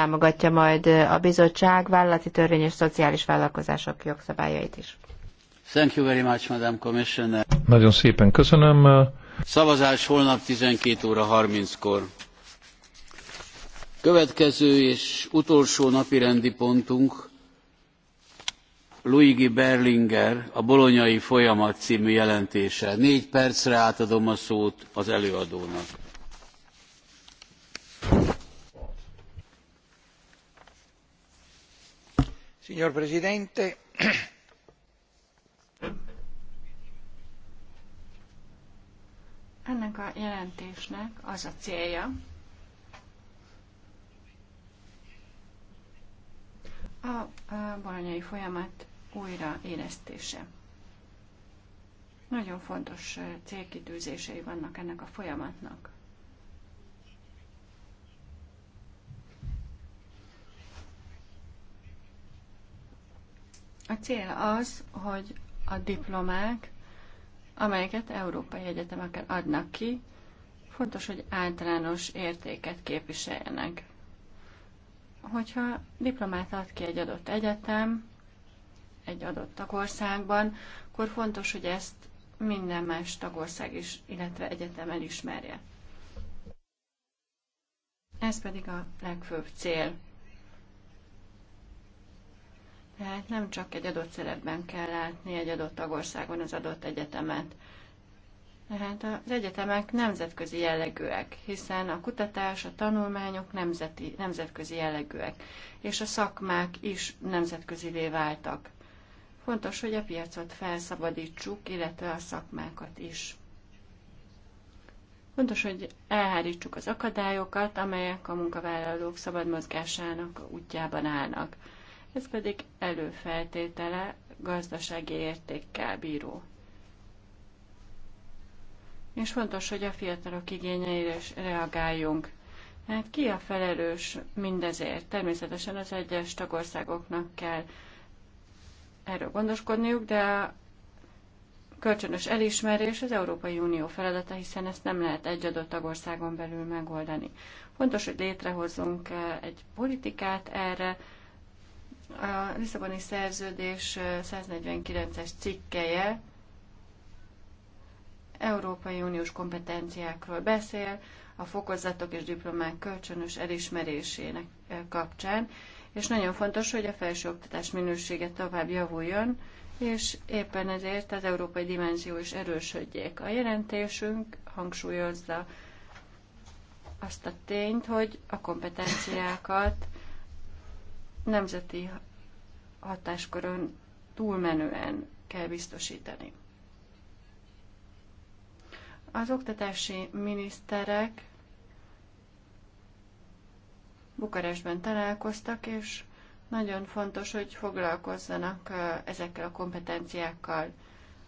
támogatja majd a bizottság vállalati törvény és szociális vállalkozások jogszabályait is. Thank you very much, Madam Commissioner. Nagyon szépen köszönöm. Szavazás holnap 12 óra 30-kor. Következő és utolsó napirendi pontunk Luigi Berlinger, a Bolonyai Folyamat című jelentése. Négy percre átadom a szót az előadónak. signor presidente ennek a jelentésnek az a célja a bolonyai folyamat újraélesztése. Nagyon fontos célkitűzései vannak ennek a folyamatnak. A cél az, hogy a diplomák, amelyeket európai egyetemeken adnak ki, fontos, hogy általános értéket képviseljenek. Hogyha diplomát ad ki egy adott egyetem, egy adott tagországban, akkor fontos, hogy ezt minden más tagország is, illetve egyetem elismerje. Ez pedig a legfőbb cél. Tehát nem csak egy adott szerepben kell látni egy adott tagországon az adott egyetemet. Tehát az egyetemek nemzetközi jellegűek, hiszen a kutatás, a tanulmányok nemzeti, nemzetközi jellegűek, és a szakmák is nemzetközivé váltak. Fontos, hogy a piacot felszabadítsuk, illetve a szakmákat is. Fontos, hogy elhárítsuk az akadályokat, amelyek a munkavállalók szabad mozgásának útjában állnak ez pedig előfeltétele gazdasági értékkel bíró. És fontos, hogy a fiatalok igényeire is reagáljunk. Hát ki a felelős mindezért? Természetesen az egyes tagországoknak kell erről gondoskodniuk, de a kölcsönös elismerés az Európai Unió feladata, hiszen ezt nem lehet egy adott tagországon belül megoldani. Fontos, hogy létrehozzunk eh, egy politikát erre, a Lisszaboni szerződés 149-es cikkeje Európai Uniós kompetenciákról beszél, a fokozatok és diplomák kölcsönös elismerésének kapcsán, és nagyon fontos, hogy a felsőoktatás minősége tovább javuljon, és éppen ezért az európai dimenzió is erősödjék. A jelentésünk hangsúlyozza azt a tényt, hogy a kompetenciákat nemzeti hatáskörön túlmenően kell biztosítani. Az oktatási miniszterek Bukarestben találkoztak, és nagyon fontos, hogy foglalkozzanak ezekkel a kompetenciákkal.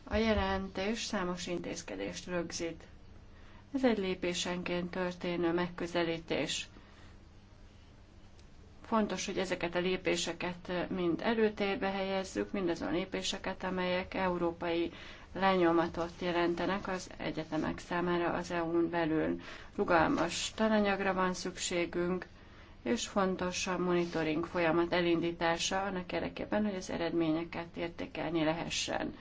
A jelentés számos intézkedést rögzít. Ez egy lépésenként történő megközelítés. Fontos, hogy ezeket a lépéseket mind előtérbe helyezzük, mindazon a lépéseket, amelyek európai lenyomatot jelentenek az egyetemek számára az EU-n belül. Rugalmas tananyagra van szükségünk, és fontos a monitoring folyamat elindítása annak érdekében, hogy az eredményeket értékelni lehessen.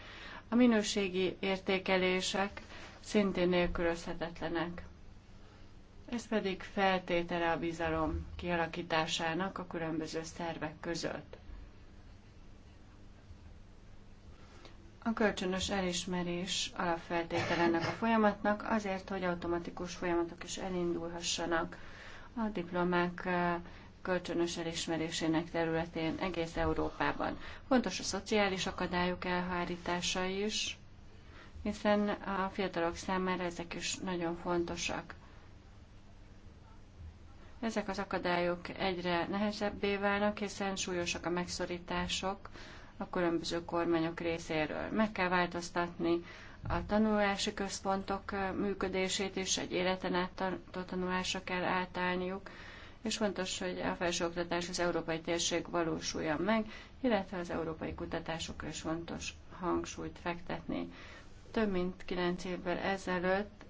A minőségi értékelések szintén nélkülözhetetlenek. Ez pedig feltétele a bizalom kialakításának a különböző szervek között. A kölcsönös elismerés alapfeltétele ennek a folyamatnak azért, hogy automatikus folyamatok is elindulhassanak a diplomák eh, kölcsönös elismerésének területén egész Európában. Fontos a szociális akadályok elhárítása is, hiszen a fiatalok számára ezek is nagyon fontosak. Ezek az akadályok egyre nehezebbé válnak, hiszen súlyosak a megszorítások a különböző kormányok részéről. Meg kell változtatni a tanulási központok működését is, egy életen át tanulásra kell átállniuk, és fontos, hogy a felsőoktatás az európai térség valósuljon meg, illetve az európai kutatásokra is fontos hangsúlyt fektetni. Több mint 9 évvel ezelőtt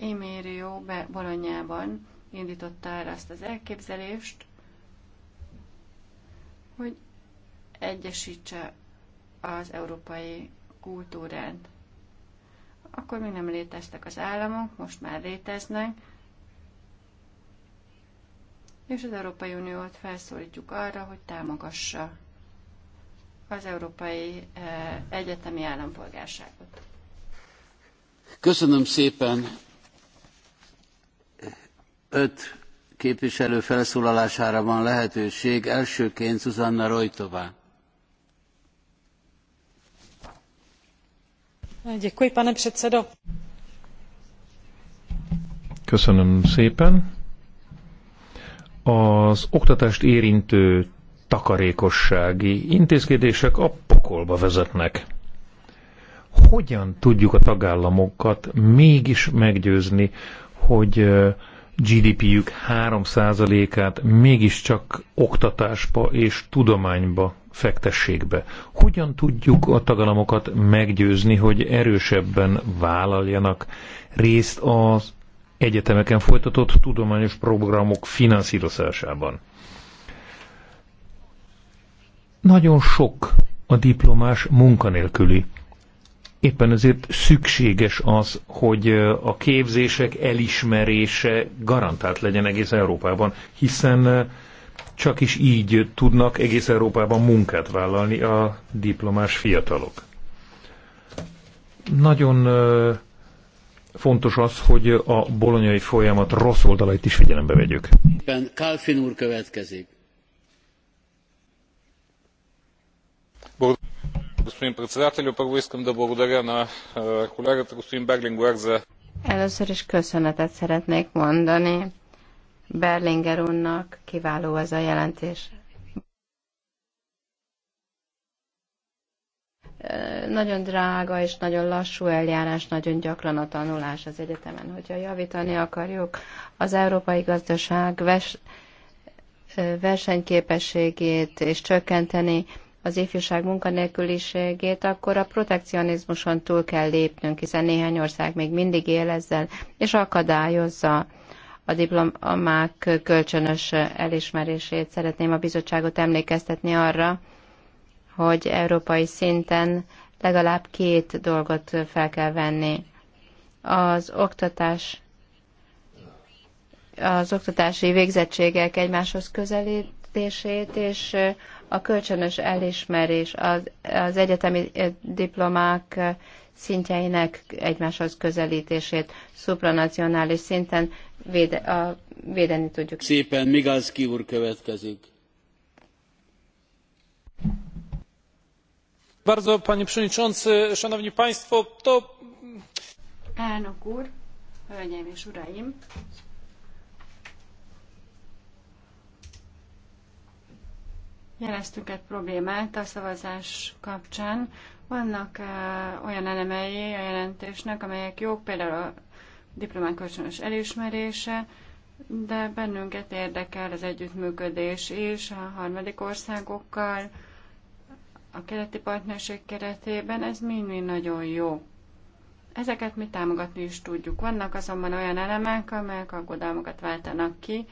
Emilio Bolonyában indította el azt az elképzelést, hogy egyesítse az európai kultúrát. Akkor még nem léteztek az államok, most már léteznek, és az Európai Uniót felszólítjuk arra, hogy támogassa az Európai eh, Egyetemi Állampolgárságot. Köszönöm szépen Öt képviselő felszólalására van lehetőség. Elsőként Zuzanna Rojtová. Děkuji, pane předsedo. Köszönöm szépen. Az oktatást érintő takarékossági intézkedések a pokolba vezetnek. Hogyan tudjuk a tagállamokat mégis meggyőzni, hogy GDP-jük 3%-át mégiscsak oktatásba és tudományba fektessék be. Hogyan tudjuk a tagalamokat meggyőzni, hogy erősebben vállaljanak részt az egyetemeken folytatott tudományos programok finanszírozásában? Nagyon sok a diplomás munkanélküli. Éppen ezért szükséges az, hogy a képzések elismerése garantált legyen egész Európában, hiszen csak is így tudnak egész Európában munkát vállalni a diplomás fiatalok. Nagyon fontos az, hogy a bolonyai folyamat rossz oldalait is figyelembe vegyük. Kálfin úr következik господин председателю. Първо искам да благодаря на колегата господин Берлингуер за... Először is köszönetet szeretnék mondani Berlinger úrnak, kiváló ez a jelentés. Nagyon drága és nagyon lassú eljárás, nagyon gyakran a tanulás az egyetemen. Hogyha javítani akarjuk az európai gazdaság vers- versenyképességét és csökkenteni az ifjúság munkanélküliségét, akkor a protekcionizmuson túl kell lépnünk, hiszen néhány ország még mindig él ezzel, és akadályozza a diplomák kölcsönös elismerését. Szeretném a bizottságot emlékeztetni arra, hogy európai szinten legalább két dolgot fel kell venni. Az oktatás az oktatási végzettségek egymáshoz közelítését és a kölcsönös elismerés az, az egyetemi eh, diplomák eh, szintjeinek egymáshoz közelítését szupranacionális szinten véde, a, védeni tudjuk. Szépen Migalski úr következik. Bardzo, panie przewodniczący, szanowni państwo, to... Elnök úr, hölgyeim és uraim, jeleztünk egy problémát a szavazás kapcsán. Vannak olyan elemei a jelentésnek, amelyek jók, például a diplomák kölcsönös elismerése, de bennünket érdekel az együttműködés is a harmadik országokkal, a keleti partnerség keretében, ez mind-mind nagyon jó. Ezeket mi támogatni is tudjuk. Vannak azonban olyan elemek, amelyek aggodalmakat váltanak ki.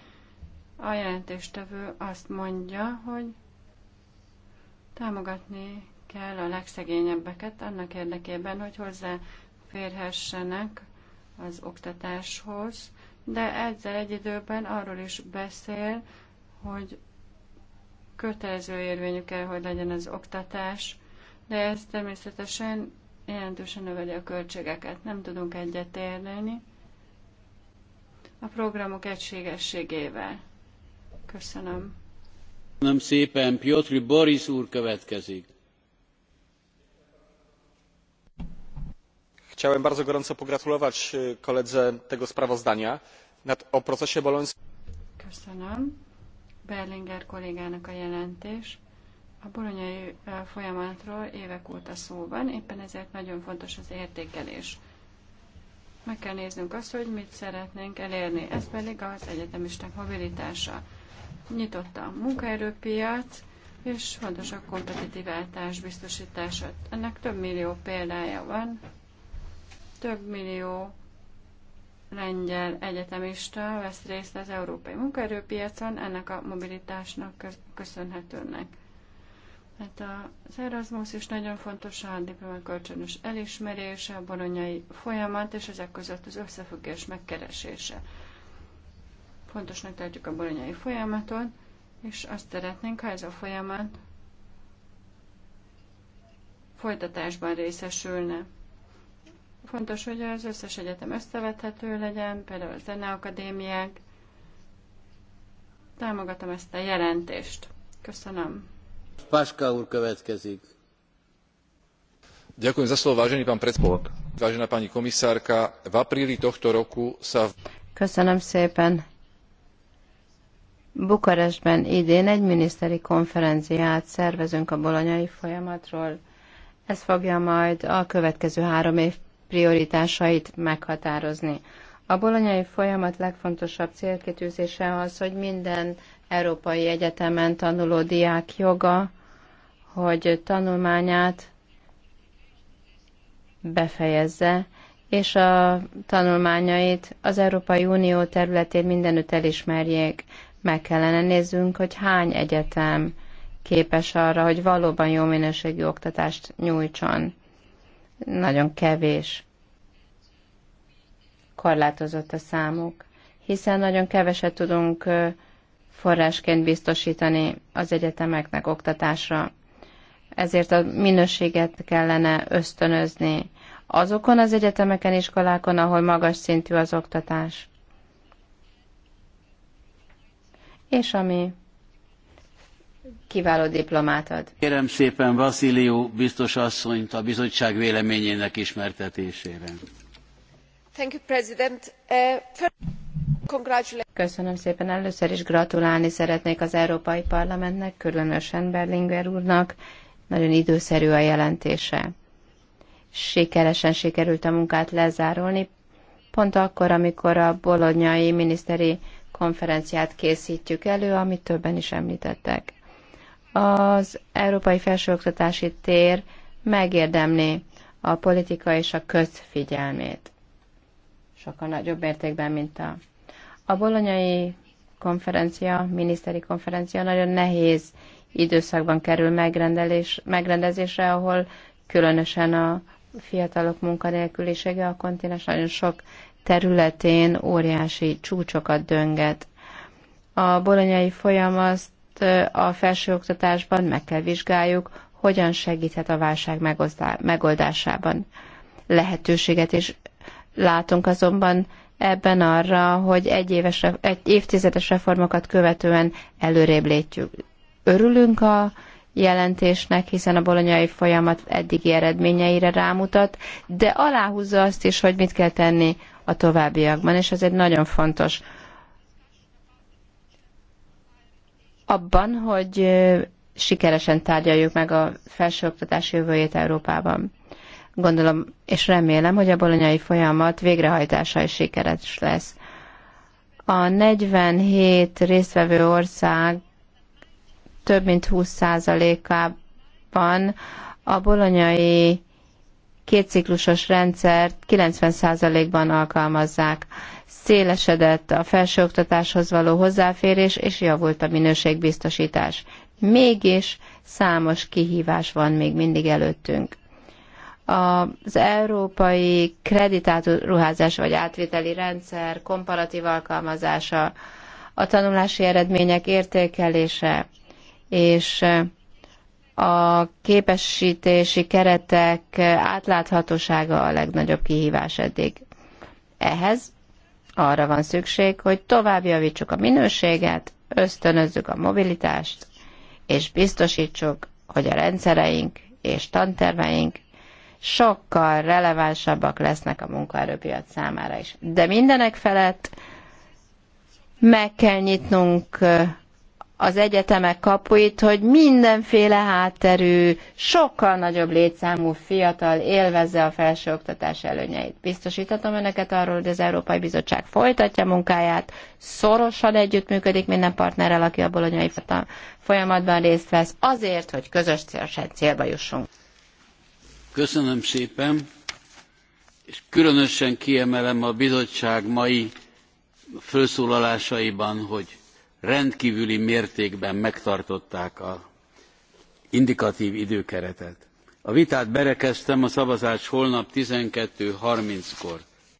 A jelentéstevő azt mondja, hogy Támogatni kell a legszegényebbeket annak érdekében, hogy hozzá férhessenek az oktatáshoz, de ezzel egy időben arról is beszél, hogy kötelező érvényű kell, hogy legyen az oktatás, de ez természetesen jelentősen növeli a költségeket. Nem tudunk egyet érni a programok egységességével. Köszönöm. Köszönöm szépen, Piotr Boris úr következik. Chciałem bardzo gorąco pogratulować e, koledze tego sprawozdania nad, o procesie bolońskim. Köszönöm. Berlinger kollégának a jelentés. A bolonyai e, folyamatról évek óta szó van, éppen ezért nagyon fontos az értékelés. Meg kell néznünk azt, hogy mit szeretnénk elérni. Ez pedig az egyetemisták mobilitása nyitott a munkaerőpiac, és fontos a kompetitív eltárs biztosítása. Ennek több millió példája van. Több millió lengyel egyetemista vesz részt az európai munkaerőpiacon, ennek a mobilitásnak köszönhetőnek. Hát az Erasmus is nagyon fontos, a diplomák kölcsönös elismerése, a bolonyai folyamat, és ezek között az összefüggés megkeresése. Fontosnak tartjuk a bolonyai folyamatot, és azt szeretnénk, ha ez a folyamat folytatásban részesülne. Fontos, hogy az összes egyetem összevethető legyen, például a zeneakadémiák. Támogatom ezt a jelentést. Köszönöm. Páska úr következik. Ďakujem za slovo, vážený pán predsedajúci, vážená pani komisárka. V apríli tohto roku sa... Köszönöm szépen. Bukarestben idén egy miniszteri konferenciát szervezünk a bolonyai folyamatról. Ez fogja majd a következő három év prioritásait meghatározni. A bolonyai folyamat legfontosabb célkitűzése az, hogy minden európai egyetemen tanuló diák joga, hogy tanulmányát befejezze, és a tanulmányait az Európai Unió területén mindenütt elismerjék meg kellene néznünk, hogy hány egyetem képes arra, hogy valóban jó minőségű oktatást nyújtson. Nagyon kevés. Korlátozott a számuk, hiszen nagyon keveset tudunk forrásként biztosítani az egyetemeknek oktatásra. Ezért a minőséget kellene ösztönözni azokon az egyetemeken, iskolákon, ahol magas szintű az oktatás. és ami kiváló diplomát ad. Kérem szépen Vasilió biztos asszonyt a bizottság véleményének ismertetésére. Thank you, President. Uh, first... Köszönöm szépen. Először is gratulálni szeretnék az Európai Parlamentnek, különösen Berlinger úrnak. Nagyon időszerű a jelentése. Sikeresen sikerült a munkát lezárolni, pont akkor, amikor a bolonyai miniszteri konferenciát készítjük elő, amit többen is említettek. Az európai felsőoktatási tér megérdemli a politika és a közfigyelmét. Sokkal nagyobb mértékben, mint a... A bolonyai konferencia, miniszteri konferencia nagyon nehéz időszakban kerül megrendelés, megrendezésre, ahol különösen a fiatalok munkanélkülisége a kontinens nagyon sok területén óriási csúcsokat dönget. A bolonyai folyamat a felsőoktatásban meg kell vizsgáljuk, hogyan segíthet a válság megoldásában. Lehetőséget is látunk azonban ebben arra, hogy egy, éves, egy évtizedes reformokat követően előrébb létjük. Örülünk a jelentésnek, hiszen a bolonyai folyamat eddigi eredményeire rámutat, de aláhúzza azt is, hogy mit kell tenni a továbbiakban, és ez egy nagyon fontos abban, hogy sikeresen tárgyaljuk meg a felsőoktatás jövőjét Európában. Gondolom és remélem, hogy a bolonyai folyamat végrehajtása is sikeres lesz. A 47 résztvevő ország több mint 20%-ában a bolonyai kétciklusos rendszert 90%-ban alkalmazzák. Szélesedett a felsőoktatáshoz való hozzáférés, és javult a minőségbiztosítás. Mégis számos kihívás van még mindig előttünk. Az európai kreditátruházás vagy átviteli rendszer komparatív alkalmazása, a tanulási eredmények értékelése és a képesítési keretek átláthatósága a legnagyobb kihívás eddig. Ehhez arra van szükség, hogy tovább javítsuk a minőséget, ösztönözzük a mobilitást, és biztosítsuk, hogy a rendszereink és tanterveink sokkal relevánsabbak lesznek a munkaerőpiac számára is. De mindenek felett meg kell nyitnunk az egyetemek kapuit, hogy mindenféle hátterű, sokkal nagyobb létszámú fiatal élvezze a felsőoktatás előnyeit. Biztosítatom önöket arról, hogy az Európai Bizottság folytatja munkáját, szorosan együttműködik minden partnerrel, aki a bolonyai folyamatban részt vesz, azért, hogy közös célba jussunk. Köszönöm szépen, és különösen kiemelem a bizottság mai felszólalásaiban, hogy rendkívüli mértékben megtartották az indikatv időkeretet. a vitát berekeztem a szavazás holnap twelve thirty kor.